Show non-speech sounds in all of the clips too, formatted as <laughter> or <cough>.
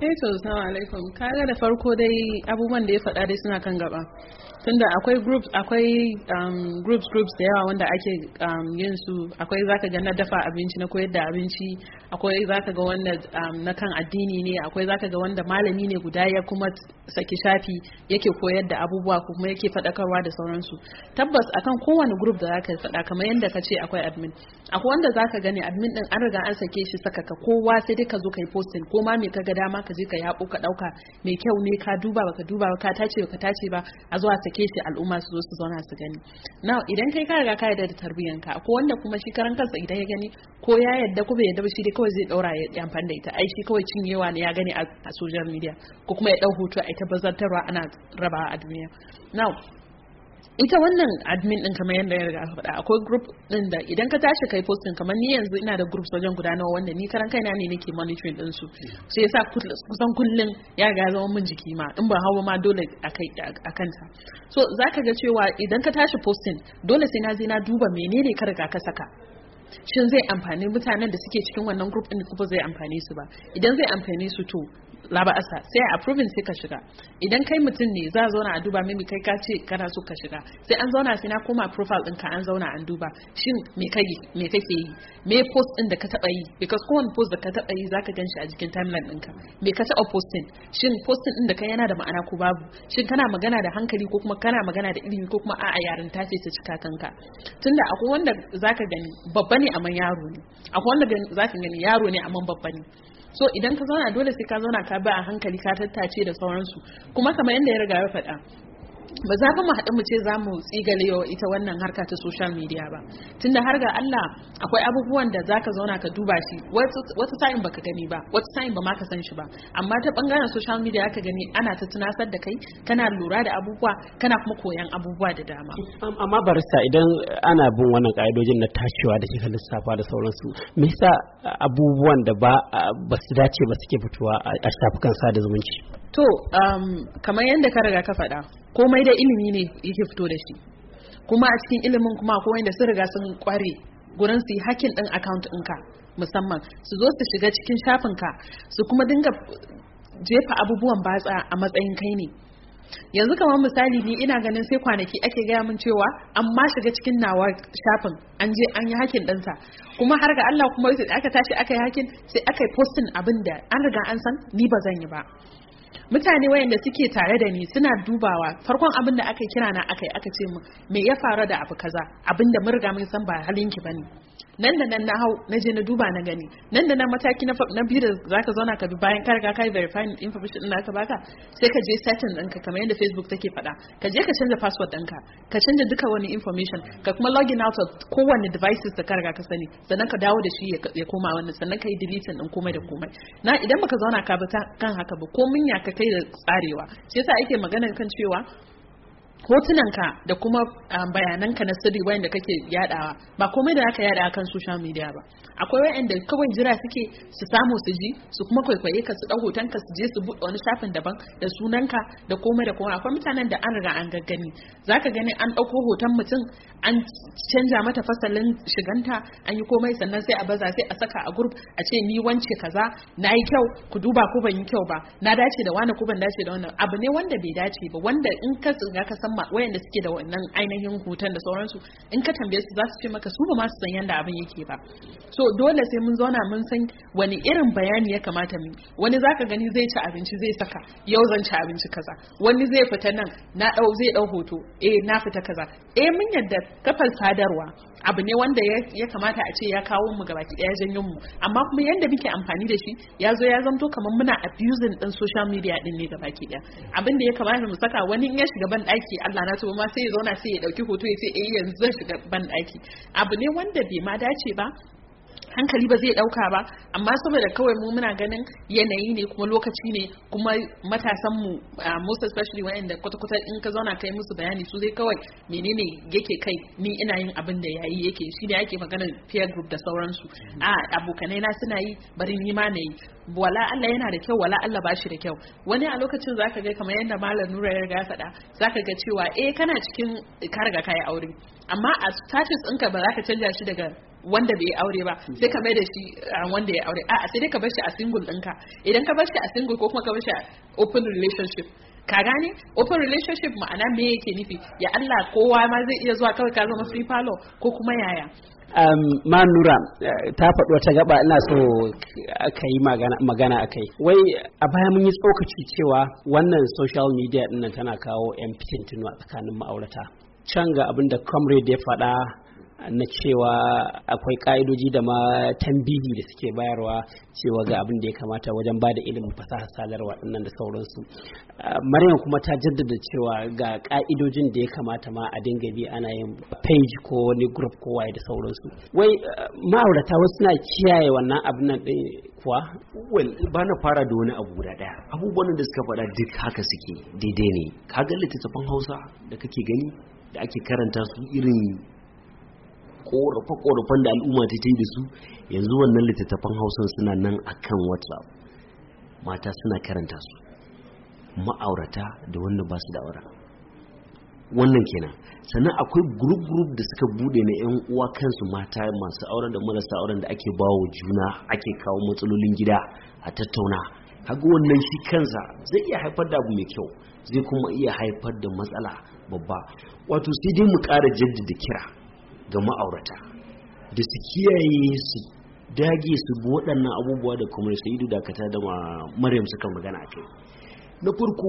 eh to alaikum kaga da farko dai abubuwan da ya faɗa dai suna kan gaba tunda akwai groups akwai um, groups groups da yawa wanda ake um, yin su akwai zaka ga na dafa abinci na koyar da abinci akwai zaka ga wanda um, na kan addini ne akwai zaka ga wanda malami ne guda ya kuma saki shafi yake koyar da abubuwa kuma yake faɗakarwa da sauransu tabbas akan kowane group da zaka fada kamar yadda ka ce akwai admin akwai wanda zaka gani admin din an riga an sake shi saka ka kowa sai dai ka zo kai posting ko ma me ka ga dama ka je ka yabo ka ɗauka mai kyau ne ka duba ka duba ba ka tace baka tace ba a zuwa sake shi al'umma su zo su zauna su gani now idan kai ka riga ka yarda da ka ko wanda kuma shi karan kansa idan ya gani ko ya yarda ko bai yarda ba shi dai kawai zai ɗaura ya amfani da ita ai shi kawai cinyewa ne ya gani a social media ko kuma ya dau hoto a ita bazantarwa ana rabawa a duniya now ita wannan admin din kamar yadda ya riga faɗa akwai group din da idan ka tashi kai posting kamar ni yanzu ina da groups wajen guda nawa wanda ni karan kaina ne nake monitoring din su so yasa kusan kullun ya ga zama mun jiki ma in ba hawa ma dole akai akanta so zaka ga cewa idan ka tashi posting dole sai na je na duba menene ka riga ka saka shin zai amfani mutanen da suke cikin wannan group din kuma zai amfani su ba idan zai amfani su to asa sai a approving sai ka shiga idan kai mutum ne za a zauna a duba mimi kai ka ce kana so ka shiga sai an zauna sai na koma profile ɗinka an zauna an duba shin me kai me kake yi me post ɗin da ka taɓa yi because kowane post da ka taɓa yi zaka gan shi a jikin timeline ɗinka me ka taɓa posting shin posting ɗin da kai yana da ma'ana ko babu shin kana magana da hankali ko kuma kana magana da ilimi ko kuma a'a yarin ce ta cika kanka tunda akwai wanda zaka gani babba ne amma yaro ne akwai wanda zaka gani yaro ne amma babba ne so idan ka zauna dole sai ka zauna ka bi a hankali ka tattace da sauransu kuma kamar yadda ya riga ya faɗa ba za mu haɗu mu ce za mu tsigalewa ita wannan harka ta social media ba tunda har ga Allah akwai abubuwan da za ka zauna ka duba shi wata sa'in baka gani ba wata sa'in ba ma ka san shi ba amma ta bangaren social media ka gani ana ta tunasar da kai kana lura da abubuwa kana kuma koyan abubuwa da dama amma barista idan ana bin wannan ka'idojin na tashiwa da kika lissafa da sauransu me yasa abubuwan da ba ba su dace ba suke fitowa a shafukan sada zumunci to um, kamar yadda ka riga ka faɗa komai da ilimi ne yake fito da shi kuma a cikin ilimin kuma ko wanda sun riga sun kware gurin su yi hakin ɗin account ɗinka musamman su zo su shiga cikin shafinka su kuma dinga jefa abubuwan batsa a matsayin kai ne yanzu kamar misali ni ina ganin sai kwanaki ake gaya min cewa an ma shiga cikin nawa shafin an je an yi hakin ɗinsa kuma har ga Allah kuma aka tashi aka yi hakin sai aka yi posting abin da an riga an san ni ba zan yi ba mutane wayanda suke tare da ni suna dubawa farkon abin da aka kira na aka yi aka ce mu me ya faru da abu kaza abin da mun riga mun san ba halin ki bane nan da nan na hau na je na duba na gani nan da nan mataki na na biyu da zaka zauna ka bi bayan ka riga ka yi verify information din aka baka sai ka je setting ɗinka kamar yadda Facebook take faɗa ka je ka canza password ɗinka ka canza duka wani information ka kuma login out of kowanne devices da ka riga ka sani sannan ka dawo da shi ya koma wannan sannan ka yi deleting ɗin komai da komai na idan baka zauna ka bi kan haka ba ko ya ka kai da tsarewa shi yasa ake magana kan cewa hotunanka da kuma ah, bayananka na sirri wayanda kake yadawa ba komai da aka yada kan social media ba akwai wayanda kawai jira suke su samu su ji su kuma kwaikwaye ka su dau hotonka su je su buɗe wani shafin daban da sunanka da komai da komai akwai mutanen da an riga an gaggani zaka gani an dauko hoton mutum an canja mata fasalin shiganta an yi komai sannan sai a baza sai a saka a group a ce ni wance kaza nayi kyau ku duba ko ban yi kyau ba na dace da wani ko ban dace da wannan abu ne wanda bai dace ba wanda in ka tsinga ka san musamman wayanda suke da wannan ainihin hoton da sauransu in ka tambaye su za su ce maka su ba masu su san yanda abin yake ba so dole sai mun zauna mun san wani irin bayani ya kamata mu wani zaka gani zai ci abinci zai saka yau zan ci abinci kaza wani zai fita nan na dau zai dau hoto eh na fita kaza eh mun yadda kafar sadarwa abu ne wanda ya kamata a ce ya kawo mu ga baki daya janyon mu amma kuma yanda muke amfani da shi ya zo ya zamto kamar muna abusing din social media din ne baki daya abin da ya kamata mu saka wani in ya shiga ban daki Allah na tuba ma sai ya zauna sai ya dauki hoto ya ce eh yanzu zan shiga ban daki abu ne wanda bai ma dace ba hankali ba zai dauka ba amma saboda kawai mu muna ganin yanayi ne kuma lokaci ne kuma matasan mu ah, most especially wa'anda kwata-kwata in ka zauna kai musu bayani su zai kawai menene yake kai ni ina yin abin da yayi yake shi ne ake magana peer group da sauransu mm-hmm. a ah, abokanai na suna yi bari ni ma na yi wala Allah yana da kyau wala Allah ba shi da kyau wani a lokacin zaka ga kamar yadda malam Nura ya ga faɗa zaka ga cewa eh kana cikin ka riga kai aure amma a status ɗinka ba za ka canja shi daga wanda bai aure ba sai ka mai da shi uh, wanda ya aure a'a sai dai ka bar shi a single ɗinka idan ka bar shi a single ko kuma ka bar shi a open relationship ka gane open relationship ma'ana me yake nufi ya Allah kowa ma zai iya zuwa kawai ka zama free parlor ko kuma yaya um, manura uh, ta faɗi ta gaba ina so aka yi magana a kai wai a baya mun yi tsokaci cewa wannan social media ɗinnan tana kawo 'yan fitintinu a tsakanin ma'aurata can ga abin da comrade ya faɗa na cewa akwai ka'idoji da ma tambihi da suke bayarwa cewa ga abin da ya kamata wajen ba da ilimin fasaha sadarwa dinnan da sauransu maryam kuma ta jaddada cewa ga ka'idojin da ya kamata ma a dinga bi ana yin page ko wani group ko waye da sauransu wai eh, ma'aurata wasu suna kiyaye wannan abin nan din kuwa well ba na fara da wani abu guda daya abubuwan da suka faɗa duk haka suke daidai ne ka kaga littattafan hausa da kake gani da ake karanta su irin korafe-korafen da al'umma ta yi da su yanzu wannan littattafan hausan suna nan akan whatsapp mata suna karanta su ma'aurata da wanda ba su da aure. wannan kenan sannan akwai group group da suka bude na yan uwa kansu mata masu auren da marasa auren da ake bawo juna ake kawo matsalolin gida a tattauna haka wannan shi kansa zai iya haifar da abu mai kyau zai kuma iya haifar da matsala babba wato sai dai mu kara jaddada kira ga ma'aurata da su kiyaye su dage su bi waɗannan abubuwa da kuma su yi dakata da maryam suka magana a kai na farko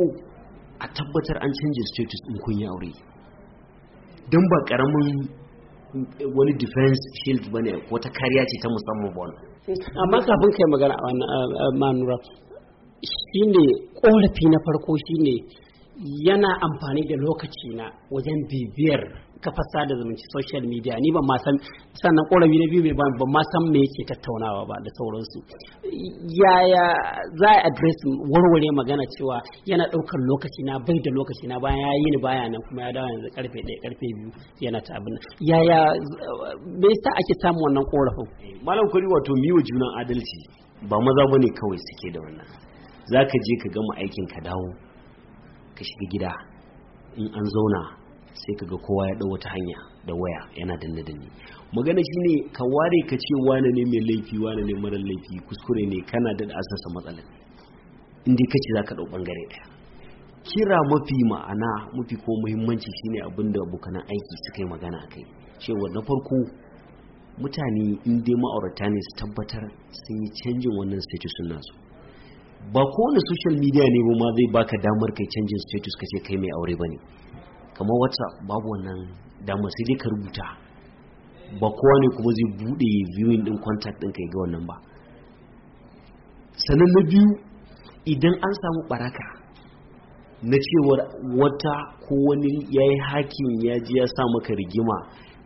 a tabbatar an canza status in kun yi aure don ba ƙaramin eh, wani defense shield ba ne wata kariya ce ta musamman ba amma kafin kai magana a uh, uh, uh, manura ne ƙorafi na farko shine yana amfani da lokaci na wajen bibiyar kafar sada zumunci social media ni ban ma san sannan korafi na biyu ban ban ma san me yake tattaunawa ba da sauransu yaya za a address warware magana cewa yana daukar lokaci na bai da lokaci na bayan yayi ni baya nan kuma ya dawo yanzu karfe 1 karfe 2 yana ta abin yaya me yasa ake samun wannan korafin malam kuri wato miwa junan adalci ba maza bane kawai suke da wannan zaka je ka gama aikin ka dawo ka shiga gida in an zauna sai kaga kowa ya ɗau wata hanya da waya yana danne danne magana shi ne ka ware ka ce wane ne mai laifi wane ne mara laifi kuskure ne kana da asasa matsalar inda kace zaka ɗau bangare ɗaya kira mafi ma'ana mafi ko muhimmanci shine abinda abokanan aiki suka yi magana kai cewa na farko mutane in ma'aurata ne su tabbatar sun yi canjin wannan status sun nasu ba kowane social media ne ba ma zai baka damar kai canjin status kace kai mai aure ba ne kamar wata babu wannan damar sai dai ka rubuta ba kowa ne kuma zai bude viewing din contact din ka ga wannan ba sannan na biyu idan an samu baraka na cewar wata ko wani ya yi hakin ya ji ya sa maka rigima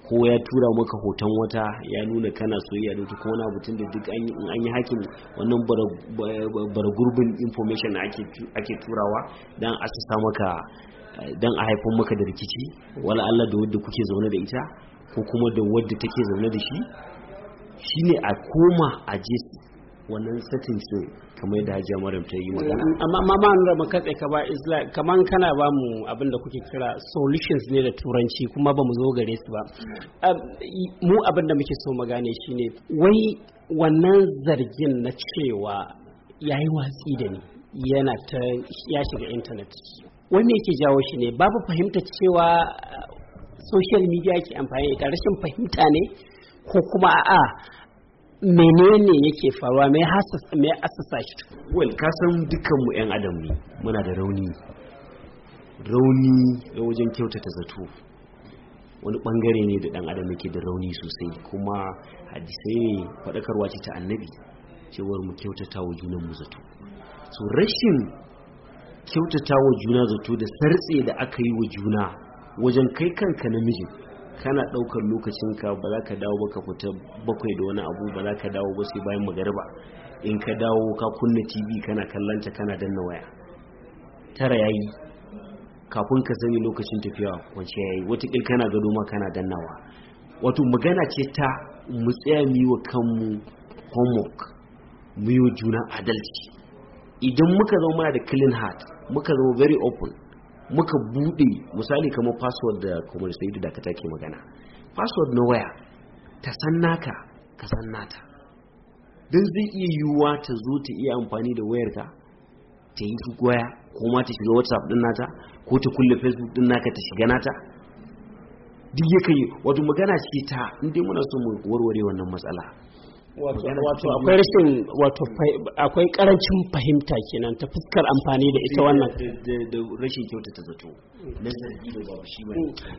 ko ya tura maka hoton wata ya nuna kana soyayya da wata ko wani da duk an yi hakin wannan bara gurbin information ake turawa don a sa maka Dan a haifar maka da rikici wala Allah da wadda kuke zaune da ita ko kuma da wadda take zaune da shi shine a koma a je wannan satin su kamar da hajiya mara ta yi magana amma ma ma da ka ba isla kaman kana ba mu abin kuke kira solutions ne da turanci kuma ba mu zo gare su ba um, mu abin da muke so magane gane shine wai wannan zargin na cewa ya yi watsi da ni yana ta ya shiga intanet wai me yake jawo shi ne babu fahimta cewa uh, social media ke amfani da rashin fahimta ne ko kuma a'a menene yake faruwa mai asasa shi well ka san dukkan yan adam ne muna da rauni rauni da wajen kyautata zato wani bangare ne da dan adam yake da rauni sosai kuma hadisai ne faɗakarwa ce ta annabi cewar mu kyautata wa junan mu zato so rashin kyautata wa juna zato da sartse da aka yi wa juna wajen kai kanka namijin kana ɗaukar lokacinka ba za ka dawo ba ka fita bakwai da wani abu ba za ka dawo ba sai bayan magariba in ka dawo ka kunna tv kana kallanta kana danna waya tara yayi kafin ka sani lokacin tafiya kwanci yayi watakil kana gado ma kana dannawa wato magana ce ta mu tsaya mu yi wa kanmu homework mu yi wa juna adalci idan muka zama muna da clean heart muka zama very open muka bude misali kamar password da kuma sai da ka ke magana password na waya ta san naka ka san nata don zai iya yiwuwa ta zo ta iya amfani da wayarka ta yi waya ko ma ta shiga whatsapp din nata ko ta kulle facebook din naka ta shiga nata duk yakan yi wato magana ce ta inda muna so mu warware wannan matsala akwai rashin wato akwai karancin fahimta kenan ta fuskar amfani da ita wannan da rashin kyautata zato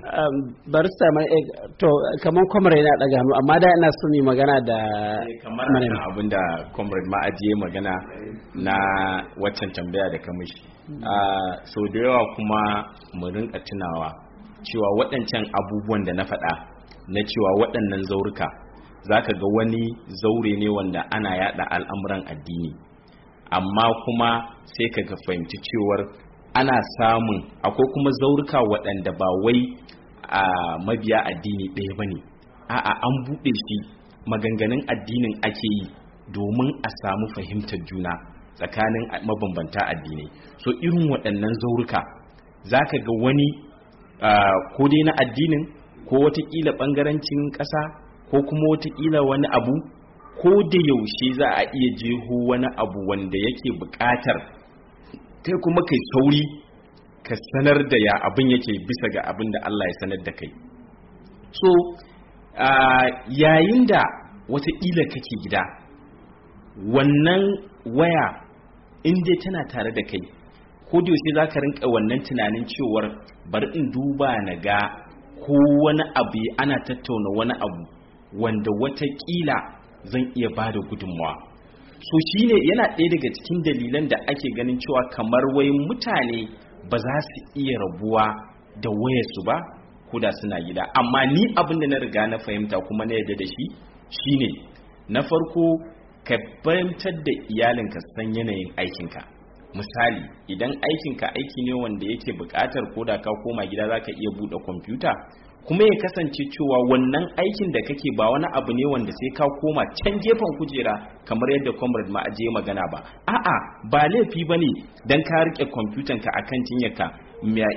um, barista mai eh, to kamar comrade yana daga hannu amma da ina so mai magana da eh, kamar abin da comrade ma'aji magana na waccan tambaya da kamishi hmm. ah, so da yawa kuma mu rinka tunawa cewa waɗancan abubuwan da na faɗa na cewa waɗannan zauruka zaka ga wani zaure ne wanda ana yada al'amuran addini amma kuma sai ka ga fahimci cewar ana samun akwai kuma zauruka waɗanda ba wai a mabiya addini ɗaya ba ne a'a an buɗe shi maganganun addinin ake yi domin a samu fahimtar juna tsakanin mabambanta addinai so irin waɗannan zauruka za ka ga wani ko dai na addinin ko watakila ɓangarancin ƙasa ko kuma watakila wani abu ko da yaushe za a iya jeho wani abu wanda yake bukatar kai kuma kai sauri ka sanar da ya abin yake bisa ga abin da Allah ya sanar da kai so yayin da watakila kake gida wannan waya inda tana tare da kai ko da yaushe za ka rinka wannan tunanin cewar bar in duba na ga ko wani abu ana tattauna wani abu wanda watakila zan iya ba da gudunmawa so shi ne yana ɗaya daga cikin dalilan da ake ganin cewa kamar wai mutane ba za su iya rabuwa da wayarsu ba ko da suna gida amma ni abin da na riga na fahimta kuma na yarda da shi shi ne na farko ka fahimtar da iyalinka san yanayin aikinka misali idan aikinka aiki ne wanda yake bukatar ko da ka koma gida za ka iya buɗe kwamfuta kuma ya kasance cewa wannan aikin da kake ba wani abu ne wanda sai ka koma can gefen kujera kamar yadda comrade ma aje magana ba a'a ba laifi bane dan ka rike kwamfutan ka akan cinyarka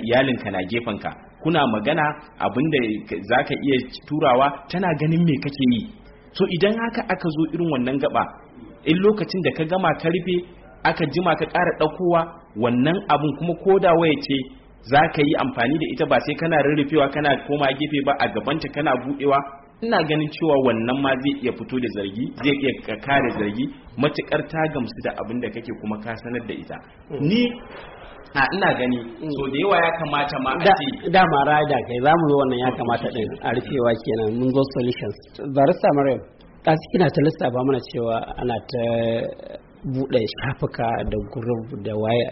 iyalin ka na gefen ka kuna magana abinda zaka iya turawa tana ganin me kake yi so idan haka aka zo irin wannan gaba in lokacin da ka gama ka rufe aka jima ka ƙara ɗaukowa wannan abun kuma koda da waya ce za ka yi amfani da ita ba sai kana rurrufewa kana koma gefe ba a gabanta kana budewa ina ganin cewa wannan ma zai iya fito da zargi zai iya kare zargi matukar ta gamsu da abin da kake kuma ka sanar da ita mm. ni a ina gani mm. so da yawa ya kamata ma a ce da ma rada kai zamu zo wannan ya kamata din a rufewa kenan mun zo solutions barista maryam kasu kina ta lissafa mana cewa ana ta buɗe shafuka da gurub da waya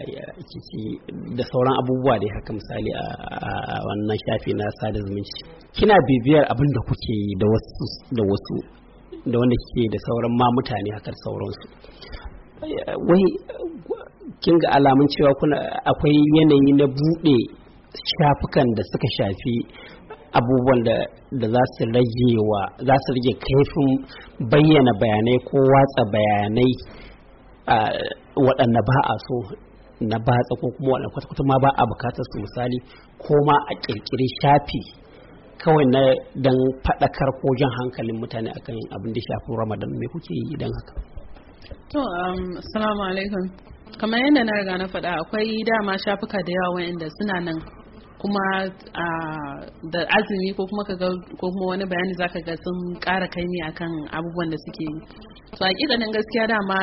da sauran abubuwa da haka misali a wannan shafi na sada zumunci kina bibiyar abin da kuke yi da wasu da wasu da wanda kike da sauran ma mutane haka sauransu wai kin ga alamun cewa kuna akwai yanayi na buɗe shafukan da suka shafi abubuwan da za su rage wa za su rage kaifin bayyana bayanai ko watsa bayanai waɗanda ba a so na batsa ko kuma waɗanda kwata-kwata ma ba a bukatar su misali ko ma a ƙirƙiri shafi kawai na dan faɗakar ko jan hankalin mutane akan abin da shafi ramadan me kuke yi idan haka to um, salamu alaikum kamar yadda na riga na faɗa akwai dama shafuka da yawa wa'anda suna nan kuma da azumi ko kuma kaga ko kuma wani bayani zaka ga sun ƙara kaimi akan abubuwan da suke yi so hakikanin gaskiya dama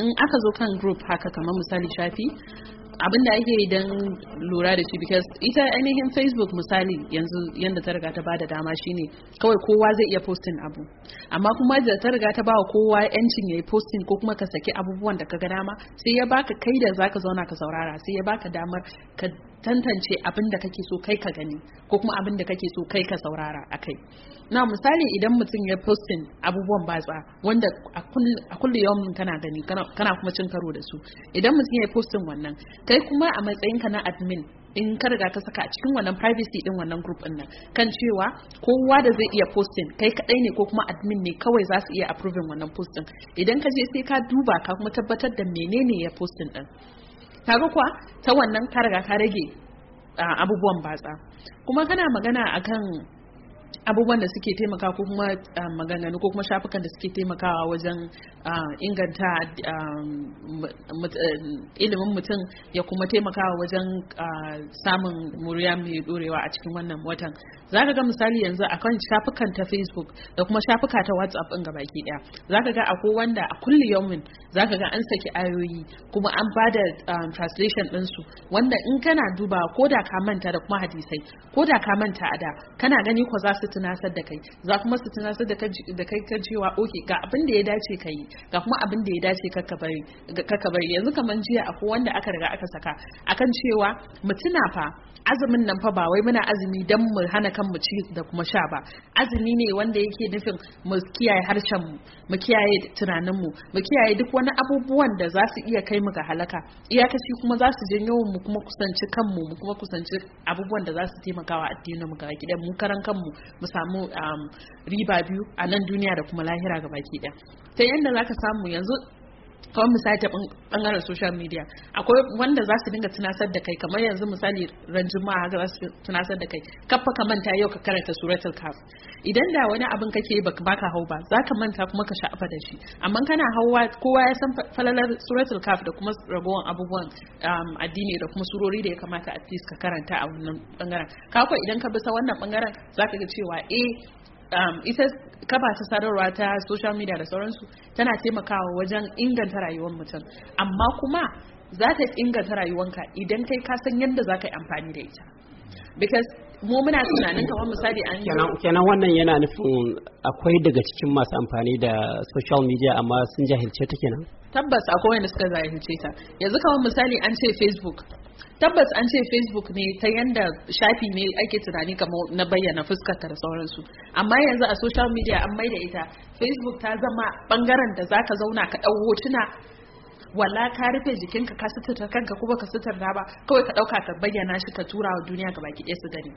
in aka zo kan group haka kamar misali shafi abin da ake idan lura da shi because ita ainihin facebook misali yanzu yadda ta riga ta bada dama shine kawai kowa zai iya posting abu amma kuma da ta riga ta bawa kowa yancin ya yi ko kuma ka saki abubuwan da ka ga dama sai ya baka kai da zaka zauna ka saurara sai ya baka damar ka tantance abin da kake so kai ka gani ko kuma abin da kake so kai ka saurara a kai na misali idan mutum ya postin abubuwan batsa wanda a kulle yawon kana gani kana kuma cin karo da su idan mutum ya postin wannan kai kuma a matsayin ka na admin in ka riga ka saka a cikin wannan privacy din wannan group din nan kan cewa kowa da zai iya posting kai kadai ne ko kuma admin ne kawai za su iya approving wannan posting idan ka je sai ka duba ka kuma tabbatar da menene ya posting din ga kuwa ta wannan ka riga ka rage ah, abubuwan batsa kuma kana magana akan abubuwan da suke taimaka ko kuma ah, maganganu ko kuma shafukan da suke taimakawa wajen ah, inganta ah, eh, ilimin mutum ya kuma taimakawa wajen samun muriya mai dorewa a cikin wannan watan za ka ga misali yanzu a kan shafukan ta facebook da kuma shafuka ta whatsapp ɗin gabaki daya za ka ga ko wanda a kulli yawmin za ka ga an saki ayoyi kuma an ba da translation ɗinsu wanda in kana duba ko da ka manta da kuma hadisai ko da ka manta a da kana gani ko za su tunasar da kai za kuma su tunasar da kai ka cewa ok ga abin da ya dace ka yi ga kuma abin da ya dace ka ka bari yanzu kamar jiya akwai wanda aka riga aka saka akan cewa mu fa azumin nan fa ba wai muna azumi dan mu hana kan mu ci da kuma sha ba azumi ne wanda yake nufin mu kiyaye harshen mu mu kiyaye tunanin mu mu kiyaye duk wani abubuwan da za su iya kai mu ga halaka iyakaci kuma za su janyo mu kuma kusanci kanmu mu kuma kusanci abubuwan da za su taimakawa addinin mu ga gidan mu karan kanmu mu samu um, riba biyu a nan duniya da kuma lahira ga baki ɗaya ta yadda za ka samu yanzu kamar misali ta bangaren social media akwai wanda za su dinga tunasar da kai kamar yanzu misali ran jima'a haka za su tunasar da kai kafa ka manta yau ka karanta suratul kaf idan da wani abin kake yi baka hau ba za ka manta kuma ka sha'afa da shi amma kana hawa kowa ya san falalar suratul kaf da kuma ragowar abubuwan um, addini da kuma surori da ya kamata a ka karanta a wannan bangaren kafa idan ka bi sa wannan bangaren za ka ga cewa eh um, ita kafa ta sadarwa ta social media da sauransu tana taimakawa wajen inganta rayuwar mutum amma kuma za ta inganta ka idan kai ka san yadda za ka yi amfani da ita because mu muna tunanin kamar misali an yi kenan wannan yana nufin akwai daga cikin masu amfani da social media amma sun jahilce ta kenan tabbas akwai wanda suka zahirce ta yanzu kamar misali an ce facebook tabbas an ce facebook ne ta yanda shafi ne ake tunani kamar na bayyana fuskar da sauransu amma yanzu a social media an da ita facebook ta zama bangaren da zaka zauna ka ɗau hotuna wala ka rufe jikinka ka sutura kanka kuma ka sutura ba kawai ka dauka ka bayyana shi ka tura wa duniya gaba ki su gani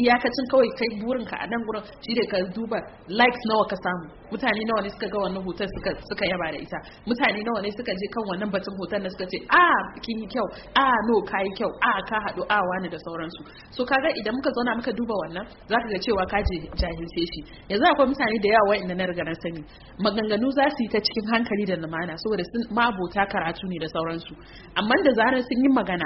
iyakacin kawai kai burin ka a nan gurin shi da ka duba likes nawa ka samu mutane nawa ne suka ga wannan hoton suka suka yaba da ita mutane nawa ne suka je kan wannan batun hoton na suka ce a kin yi kyau a no kai kyau a ka hadu a wani da sauransu so kaga idan muka zauna muka duba wannan zaka ga cewa ka je jahilce shi yanzu akwai mutane da yawa wa'anda na riga na sani maganganu za su yi ta cikin hankali da lumana saboda sun mabota karatu karatu ne da sauransu amma da zarar sun yi magana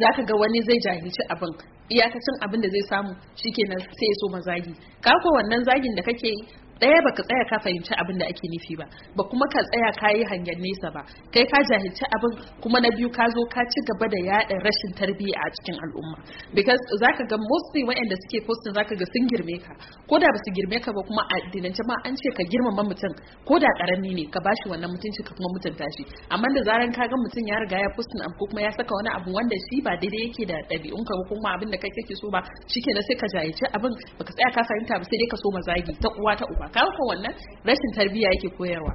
za ka ga wani zai jahilci abin iyakacin abin da zai samu shikenan sai so mazagi ka ko wannan zagin da kake yi ɗaya baka tsaya ka fahimci abin da ake nufi ba ba kuma ka tsaya ka yi hangen nesa ba kai ka jahilci abin kuma na biyu ka zo ka ci gaba da yaɗa rashin tarbiyya a cikin al'umma because zaka ga mostly wa'anda suke posting zaka ga sun girme ka ko da ba girme ka ba kuma a dinance ma an ce ka girmama mutum ko da karami ne ka bashi wannan mutunci ka kuma mutunta shi amma da zaran ka ga mutum ya riga ya posting abu kuma ya saka wani abu wanda shi ba daidai yake da ɗabi'un ka kuma abin da kake so ba shikenan sai ka jahilci abin baka tsaya ka fahimta ba sai dai ka so mazagi ta uwa ta uba kawo ko wannan rashin tarbiyya yake koyarwa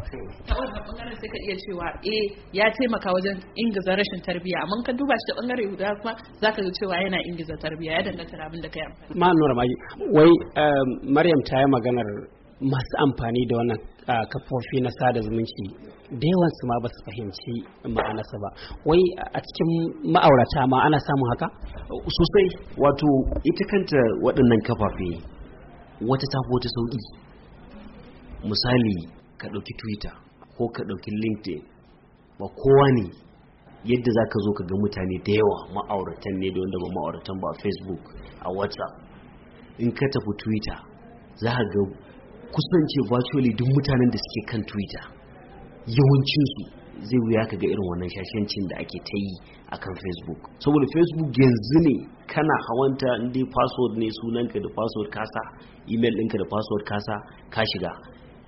ta wannan bangaren sai ka iya cewa eh ya taimaka wajen ingiza rashin tarbiyya amma ka duba shi ta bangare guda kuma zaka ga cewa yana ingiza tarbiyya ya danganta da abin da kai amfani ma nura mai wai eh, maryam ta yi maganar masu amfani da wannan eh, kafofi na sada zumunci da yawan su ma ba su fahimci ma'anarsa ba wai a cikin ma'aurata ma ana samun haka sosai wato ita kanta waɗannan kafafe wata ta wata sauƙi misali ka ɗauki twitter ko ka ɗauki linkedin ba kowa ne yadda za ka zo ka ga mutane da yawa ma'auratan ne da wanda ba ma'auratan ba a facebook a whatsapp in ka tafi twitter za ka ga kusance virtually duk mutanen da suke kan twitter yawancinsu zai wuya ka ga irin wannan shashancin da ake ta yi a kan facebook saboda facebook yanzu ne kana hawanta in password ne sunanka da password kasa email ɗinka da password kasa ka shiga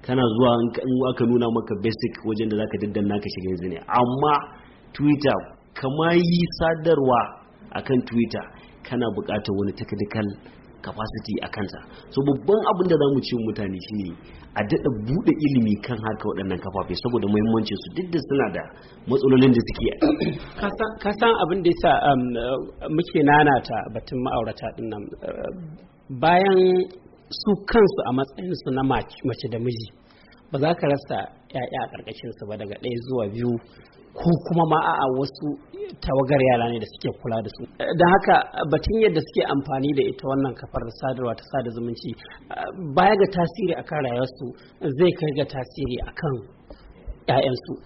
kana zuwa in aka nuna maka basic wajen da zaka daddana ka shiga yanzu ne amma twitter kama yi sadarwa akan twitter kana bukatar wani technical capacity a kansa so babban abin da za mu ci mutane shine a daɗa buɗe ilimi kan haka waɗannan kafafe saboda muhimmancin su duk da suna da matsalolin da suke <coughs> ka san abin da yasa um, uh, muke nanata batun ma'aurata dinnan uh, bayan su kansu a matsayinsu na mace da miji ba za ka rasa 'ya'ya a ƙarƙashinsu ba daga ɗaya zuwa biyu ko kuma ma a wasu tawagar yara ne da suke kula da su da haka batun yadda suke amfani da ita wannan kafar sadarwa ta sada zumunci baya ga tasiri akan rayuwarsu zai kai ga tasiri akan 'ya'yansu